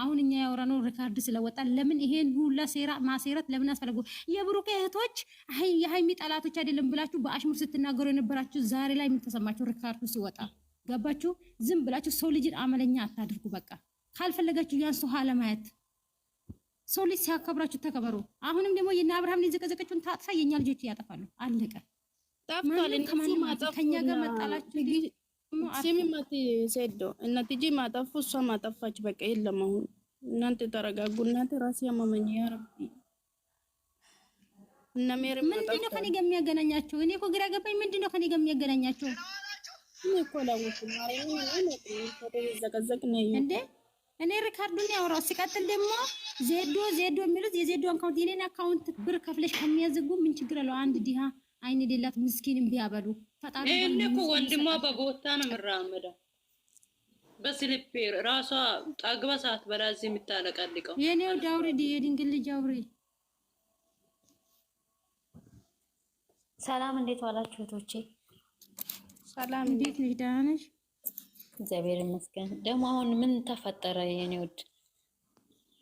አሁን እኛ ያወራነው ሪካርድ ስለወጣ ለምን ይሄን ሁላ ሴራ ማሴረት ለምን አስፈለጉ? የብሩኬ እህቶች የሀይሚ ጠላቶች አይደለም ብላችሁ በአሽሙር ስትናገሩ የነበራችሁ ዛሬ ላይ ምን ተሰማችሁ? ሪካርዱ ሲወጣ ገባችሁ? ዝም ብላችሁ ሰው ልጅን አመለኛ አታድርጉ። በቃ ካልፈለጋችሁ ያን ሰው አለማየት ሰው ልጅ ሲያከብራችሁ ተከበሩ። አሁንም ደግሞ የእነ አብርሃም ልጅ ታጥፋ የእኛ ልጆች ያጠፋሉ። አለቀ። ከኛ ጋር መጣላችሁ ሲሚማቲ ሴዶ እናትጂ ማጠፉ እሷ ማጠፋች። በቃ የለም አሁን እናንተ ተረጋጉ። እናት ራሴ ያመመኝ ያ እና ሜሪ ምንድን ነው ከኔ ጋር የሚያገናኛቸው? እኔ እኮ ግራ ገባኝ። ምንድን ነው ከኔ ጋር የሚያገናኛቸው? እኔ እኮ ላውቅም። ማርያም እኔ እኔ ሪካርዱን ያወራው ሲቀጥል ደግሞ ዜዶ ዜዶ የሚሉት የዜዶ አካውንት የኔን አካውንት ብር ከፍለሽ ከሚያዘጉ ምን ችግር አለው? አንድ ዲሃ አይን የሌላት ምስኪን ቢያበሉ ይሄን እኮ ወንድሟ በቦታ ነው የምራመደው። በስሊፔር ራሷ ጠግባ ሰዓት በላዚ የምታለቀልቀው የኔው ዳውሪድ የድንግል ልጅ አውሬ ሰላም እንዴት ዋላችሁ እህቶቼ? ሰላም እንዴት ነሽ? ደህና ነሽ? እግዚአብሔር ይመስገን። ደግሞ አሁን ምን ተፈጠረ የኔ ውድ?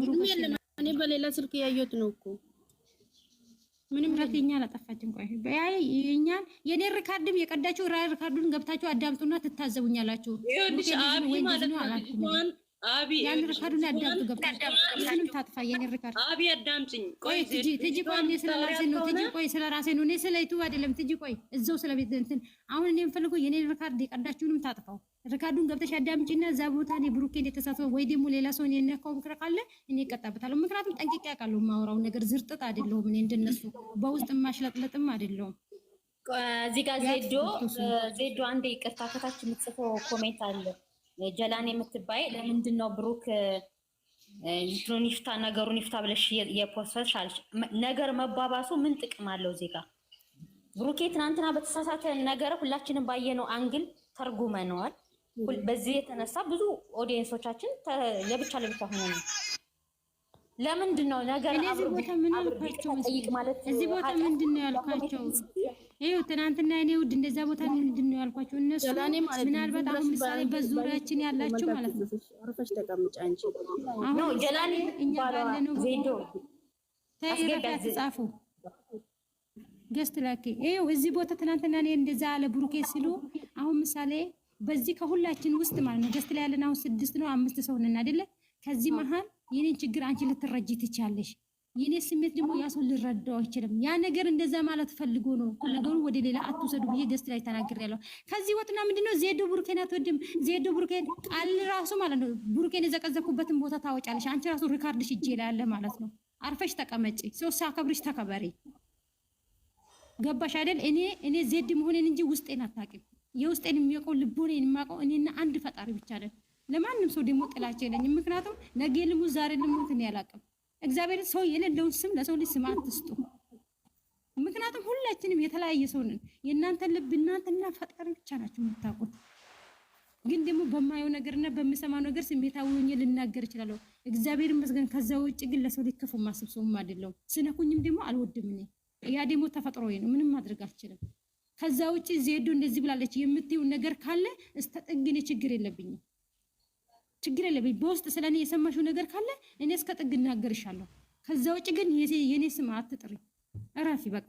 ምንም የለም። እኔ በሌላ ስልክ እያየሁት ነው እኮ ምንም ረትኛ አላጠፋችም። ቆይ በያይ የእኛን የኔ ሪካርድም የቀዳችሁ ሪካርዱን ገብታችሁ አዳምጡና ትታዘቡኛላችሁ። አቢ ሪካርዱን ነው ትጂ ቆይ አይደለም ትጂ ቆይ እዛው ስለ ቤት እንትን አሁን እኔ ወይ ደግሞ ሌላ ሰው እኔ ነካው ምክር ካለ እኔ እቀጣበታለሁ ምክንያቱም ጠንቅቄ አውቃለሁ የማወራውን ነገር ዝርጥጥ አይደለሁም እኔ እንደነሱ በውስጥ የማሽለጥለጥም አይደለሁም እዚህ ጋር ዜዶ ዜዶ አንዴ ይቅርታ ከታች የምትጽፈው ኮሜንት አለ ጀላን የምትባይ ለምንድን ነው ብሩክ እንትኑን ይፍታ ነገሩን ይፍታ ብለሽ የፖስተሽ አለሽ? ነገር መባባሱ ምን ጥቅም አለው? ዜጋ ብሩኬ ትናንትና በተሳሳተ ነገር ሁላችንም ባየነው አንግል ተርጉመነዋል። በዚህ የተነሳ ብዙ ኦዲየንሶቻችን ለብቻ ለብቻ ሆነ ነው ለምንድን ነው ነገር እዚህ ቦታ ምን አልኳቸው? እዚህ ቦታ ምንድን ነው ያልኳቸው? ይኸው ትናንትና እኔ ውድ እንደዛ ቦታ ምንድን ነው ያልኳቸው? እነሱ ምናልባት አሁን ምሳሌ በዙሪያችን ያላችሁ ማለት ነው። አሁን ጀላኒ እኛ ነው ዜዶ ተይረካት ጻፉ ገስት ላኪ ይኸው እዚህ ቦታ ትናንትና እኔ እንደዛ አለ ብሩኬ ሲሉ አሁን ምሳሌ በዚህ ከሁላችን ውስጥ ማለት ነው ገስት ላይ ያለን አሁን ስድስት ነው አምስት ሰው ነን አይደለ? ከዚህ መሀል የኔን ችግር አንቺ ልትረጂ ትቻለሽ። የኔ ስሜት ደግሞ ያ ሰው ልረዳው አይችልም። ያ ነገር እንደዛ ማለት ፈልጎ ነው። ነገሩን ወደ ሌላ አትውሰዱ ብዬ ገስት ላይ ተናግር ያለው ከዚህ ወጥና ምንድነው ዜዶ ቡርኬን አትወድም። ዜዶ ቡርኬን ቃል ራሱ ማለት ነው ቡርኬን የዘቀዘኩበትን ቦታ ታወጫለሽ። አንቺ ራሱ ሪካርድሽ እጄ ላይ ያለ ማለት ነው። አርፈሽ ተቀመጪ። ሰው ሲያከብርሽ ተከበሪ። ገባሽ አይደል? እኔ እኔ ዜድ መሆኔን እንጂ ውስጤን አታውቂም። የውስጤን የሚያውቀው ልቦኔን የማውቀው እኔና አንድ ፈጣሪ ብቻ ነን። ለማንም ሰው ደግሞ ጥላቸ የለኝም። ምክንያቱም ነገ ልሙት ዛሬ ልሙት እኔ አላውቅም። እግዚአብሔር ሰው የሌለውን ስም ለሰው ልጅ ስም አትስጡ። ምክንያቱም ሁላችንም የተለያየ ሰው ነን። የእናንተን ልብ እናንተና ፈጣሪ ብቻ ናቸው የምታውቁት። ግን ደግሞ በማየው ነገርና በምሰማው ነገር ስሜታዊ ሆኜ ልናገር እችላለሁ። እግዚአብሔር ይመስገን። ከዛ ውጭ ግን ለሰው ልጅ ክፉ ማስብ ሰውም አይደለሁም። ስነኩኝም ደግሞ አልወድም። እኔ ያ ደግሞ ተፈጥሮ ነው፣ ምንም ማድረግ አልችልም። ከዛ ውጭ ዜዶ እንደዚህ ብላለች የምትይው ነገር ካለ እስተጠግኔ ችግር የለብኝም ችግር የለብኝ። በውስጥ ስለ እኔ የሰማሽው ነገር ካለ እኔ እስከ ጥግ እናገርሻለሁ። ከዛ ውጭ ግን የእኔ ስም አትጥሪ፣ እረፊ። በቃ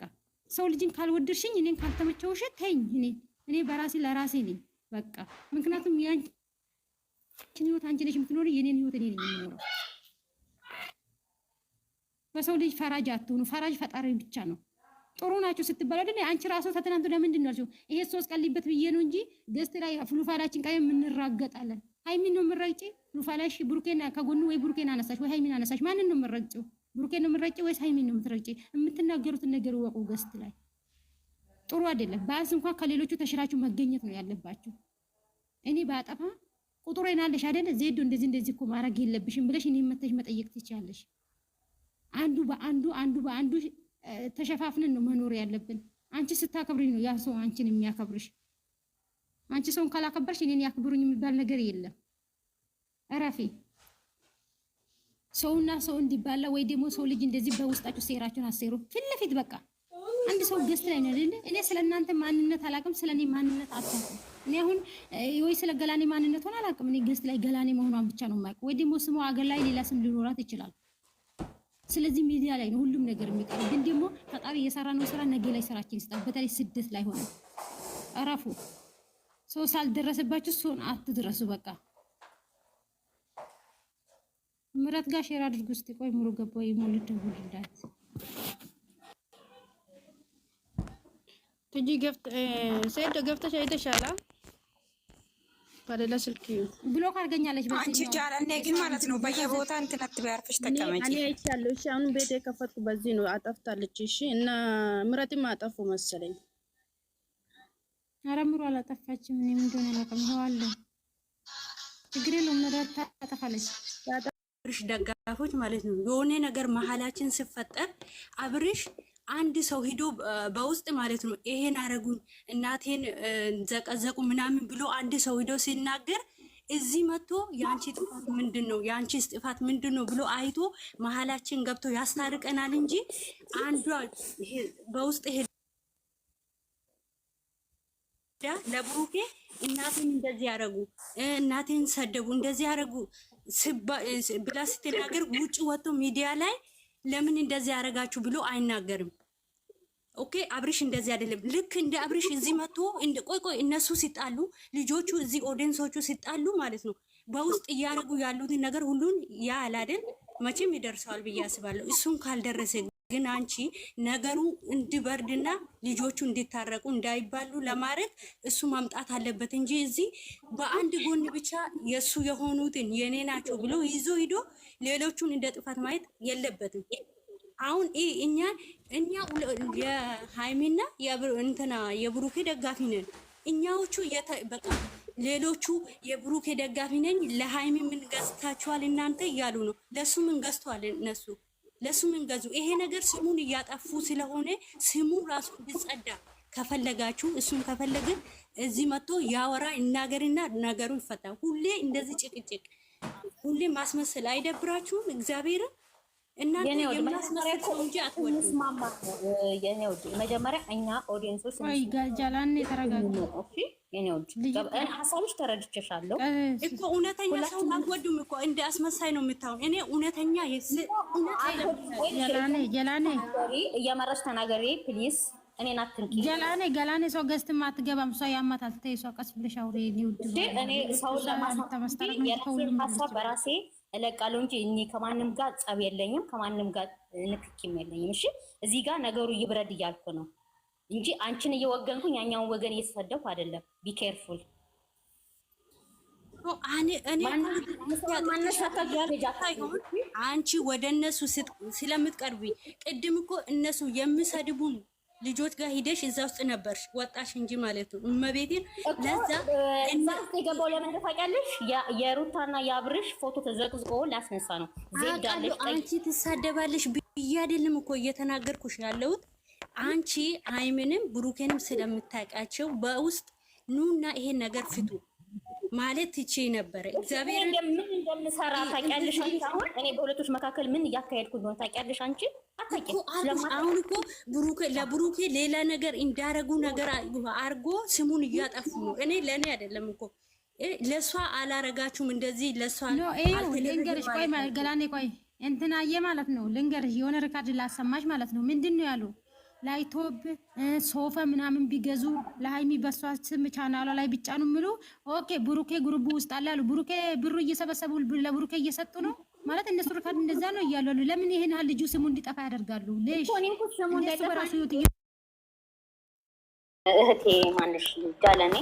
ሰው ልጅን ካልወደድሽኝ፣ እኔን ካልተመቸውሽ ተይኝ። እኔ እኔ በራሴ ለራሴ ነኝ በቃ። ምክንያቱም ያንቺን ህይወት አንቺ ነሽ የምትኖሪ፣ የኔን ህይወት እኔ ነኝ የምኖረው። በሰው ልጅ ፈራጅ አትሆኑ። ፈራጅ ፈጣሪ ብቻ ነው። ጥሩ ናቸው ስትባል አይደል? አንቺ ራሱ ተትናንቱ ለምንድን ነው ይሄ ሶስት ቀን ሊበት ብዬ ነው እንጂ ገስት ላይ ፍሉፋዳችን ቀይ የምንራገጣለን ሀይሚን ነው የምረግጪ? ሩፋላሽ ቡርኬና ከጎኑ ወይ ቡርኬን አነሳሽ ወይ ሀይሚን አነሳሽ። ማንን ነው የምረግጪው? ቡርኬን ነው የምረግጪ ወይስ ሀይሚን ነው የምትረግጪ? የምትናገሩትን ነገር ወቁ። ገስት ላይ ጥሩ አይደለም። በአንስ እንኳን ከሌሎቹ ተሽራችሁ መገኘት ነው ያለባችሁ። እኔ በአጠፋ ቁጥሬን አለሽ አይደለ? ዜዶ እንደዚህ እንደዚህ እኮ ማድረግ የለብሽም ብለሽ እኔ መተሽ መጠየቅ ትችያለሽ። አንዱ በአንዱ አንዱ በአንዱ ተሸፋፍነን ነው መኖር ያለብን። አንቺ ስታከብሪኝ ነው ያ ሰው አንቺን የሚያከብርሽ። አንቺ ሰውን ካላከበርሽ እኔን ያክብሩኝ የሚባል ነገር የለም። እረፊ። ሰውና ሰው እንዲባላ ወይ ደግሞ ሰው ልጅ እንደዚህ በውስጣችሁ ሴራችሁን አሴሩ ፊት ለፊት በቃ አንድ ሰው ገስት ላይ ነው እኔ ስለ እናንተ ማንነት አላውቅም፣ ስለ እኔ ማንነት አታውቅም። እኔ አሁን ወይ ስለ ገላኔ ማንነት ሆነ አላውቅም። እኔ ገስት ላይ ገላኔ መሆኗን ብቻ ነው የማውቅ፣ ወይ ደግሞ ስሙ አገር ላይ ሌላ ስም ሊኖራት ይችላል። ስለዚህ ሚዲያ ላይ ነው ሁሉም ነገር የሚቀር። ግን ደግሞ ፈጣሪ የሰራ ነው ስራ ነገ ላይ ስራችን ይስጣል። በተለይ ስደት ላይ ሆነ እረፉ። ሰው ሳልደረሰባችሁ ሰውን አትድረሱ። በቃ ምረት ጋር ሼር አድርጉ እስቲ። ቆይ ሙሉ ገባ ሙሉ ደውልላት ትጂ ገፍት ሰይድ ገፍተሽ አይተሻላ ባለላ ስልክ ብሎክ አድርገኛለች። አንቺ ጃር እኔ ግን ማለት ነው በየቦታ እንትን አትበያርፍሽ ተቀመጪ። እኔ አይቻለሁ። እሺ አሁን ቤት የከፈትኩ በዚህ ነው። አጠፍታለች። እሺ እና ምረትም አጠፉ መሰለኝ አረምሮ አላጠፋችም። እኔ ምን እንደሆነ አላውቅም። ይኸዋለሁ ችግር የለውም። መዳታ አብርሽ ደጋፎች ማለት ነው። የሆነ ነገር መሀላችን ስፈጠር አብርሽ አንድ ሰው ሂዶ በውስጥ ማለት ነው ይሄን አረጉኝ እናቴን ዘቀዘቁ ምናምን ብሎ አንድ ሰው ሂዶ ሲናገር እዚህ መጥቶ የአንቺ ጥፋት ምንድን ነው የአንቺ ጥፋት ምንድን ነው ብሎ አይቶ መሀላችን ገብቶ ያስታርቀናል እንጂ አንዷ በውስጥ ለብሩኬ እናቴን እንደዚህ ያደረጉ እናቴን ሰደቡ እንደዚህ ያደረጉ ብላ ስትናገር ውጭ ወጥቶ ሚዲያ ላይ ለምን እንደዚህ ያደረጋችሁ ብሎ አይናገርም። ኦኬ አብርሽ እንደዚህ አይደለም። ልክ እንደ አብርሽ እዚህ መጥቶ ቆይ ቆይ እነሱ ሲጣሉ ልጆቹ እዚህ ኦዲንሶቹ ሲጣሉ ማለት ነው በውስጥ እያደረጉ ያሉትን ነገር ሁሉን ያ አላደን መቼም ይደርሰዋል ብዬ አስባለሁ። እሱን ካልደረሰ ግን አንቺ ነገሩ እንዲበርድና ልጆቹ እንዲታረቁ እንዳይባሉ ለማድረግ እሱ ማምጣት አለበት እንጂ እዚህ በአንድ ጎን ብቻ የእሱ የሆኑትን የኔ ናቸው ብሎ ይዞ ሂዶ ሌሎቹን እንደ ጥፋት ማየት የለበትም። አሁን እኛ እኛ የሃይሚና እንትና የብሩኬ ደጋፊ ነን። እኛዎቹ በቃ ሌሎቹ የብሩኬ ደጋፊ ነኝ ለሃይሚ ምን ገዝታችኋል እናንተ እያሉ ነው። ለእሱ ምን ገዝተዋል እነሱ ለስሙ እንገዙ። ይሄ ነገር ስሙን እያጠፉ ስለሆነ ስሙ ራሱ እንዲጸዳ ከፈለጋችሁ እሱን ከፈለገ እዚህ መጥቶ ያወራ ይናገርና ነገሩ ይፈታ። ሁሌ እንደዚህ ጭቅጭቅ፣ ሁሌ ማስመሰል አይደብራችሁም? እግዚአብሔርን እና የማስመስማማ መጀመሪያ እኛ ኦዲየንሶች ጃላን የተረጋጋ ሀሳቦች ተረድቼሻለሁ እኮ እውነተኛ አትወዱም እኮ እንደ አስመሳይ ነው የምታውን። እኔ እውነተኛ እየመረች ተናገሪ ፕሊዝ። እኔን አትንኪ ገላኔ ገላኔ። ሰው አትገባም። ያማታል። ተይ ቀስ ብለሽ አውሪ። እኔ ሰውን ሀሳብ በራሴ እለቃለሁ እንጂ እኔ ከማንም ጋር ጸብ የለኝም፣ ከማንም ጋር ንክኪም የለኝም። እሺ እዚህ ጋር ነገሩ ይብረድ እያልኩ ነው። እንጂ አንቺን እየወገንኩኝ ያኛውን ወገን እየተሰደብኩ አይደለም። ቢኬርፉል አንቺ ወደ እነሱ ስለምትቀርቢ ቅድም እኮ እነሱ የምሰድቡን ልጆች ጋር ሂደሽ እዛ ውስጥ ነበር ወጣሽ እንጂ ማለት ነው። እመቤቴን ለዛ እዛ ውስጥ የገባው ለምን ታውቂያለሽ? የሩታና የአብርሽ ፎቶ ተዘቅዝቆ ላስነሳ ነው። አንቺ ትሳደባለሽ ብዬ አይደለም እኮ እየተናገርኩሽ ያለሁት አንቺ አይምንም ብሩኬንም ስለምታውቃቸው በውስጥ ኑና ይሄ ነገር ፍቱ ማለት ይቺ ነበረ። እግዚአብሔር ምን እንደምሰራ ታውቂያለሽ። አሁን እኔ በሁለቶች መካከል ምን እያካሄድኩ እንደሆነ ታውቂያለሽ። አንቺ አሁን እኮ ብሩኬ ለብሩኬ ሌላ ነገር እንዳረጉ ነገር አርጎ ስሙን እያጠፉ ነው። እኔ ለእኔ አይደለም እኮ ለእሷ አላረጋችሁም እንደዚህ ለእሷ ልንገርሽ። ቆይ ገላኔ ቆይ እንትናየ ማለት ነው ልንገርሽ፣ የሆነ ሪካርድ ላሰማሽ ማለት ነው ምንድን ነው ያሉ ላይቶብ ሶፋ ምናምን ቢገዙ ለሀይሚ በሷ ስም ቻናሏ ላይ ብቻ ነው የሚሉ ኦኬ። ብሩኬ ጉሩቡ ውስጥ አለ አሉ። ብሩኬ ብሩ እየሰበሰቡ ለብሩኬ እየሰጡ ነው ማለት እነሱ ርካድ እንደዛ ነው እያሉ አሉ። ለምን ይህን ያህል ልጁ ስሙ እንዲጠፋ ያደርጋሉ? እህቴ ማንሽ ይጃለኔ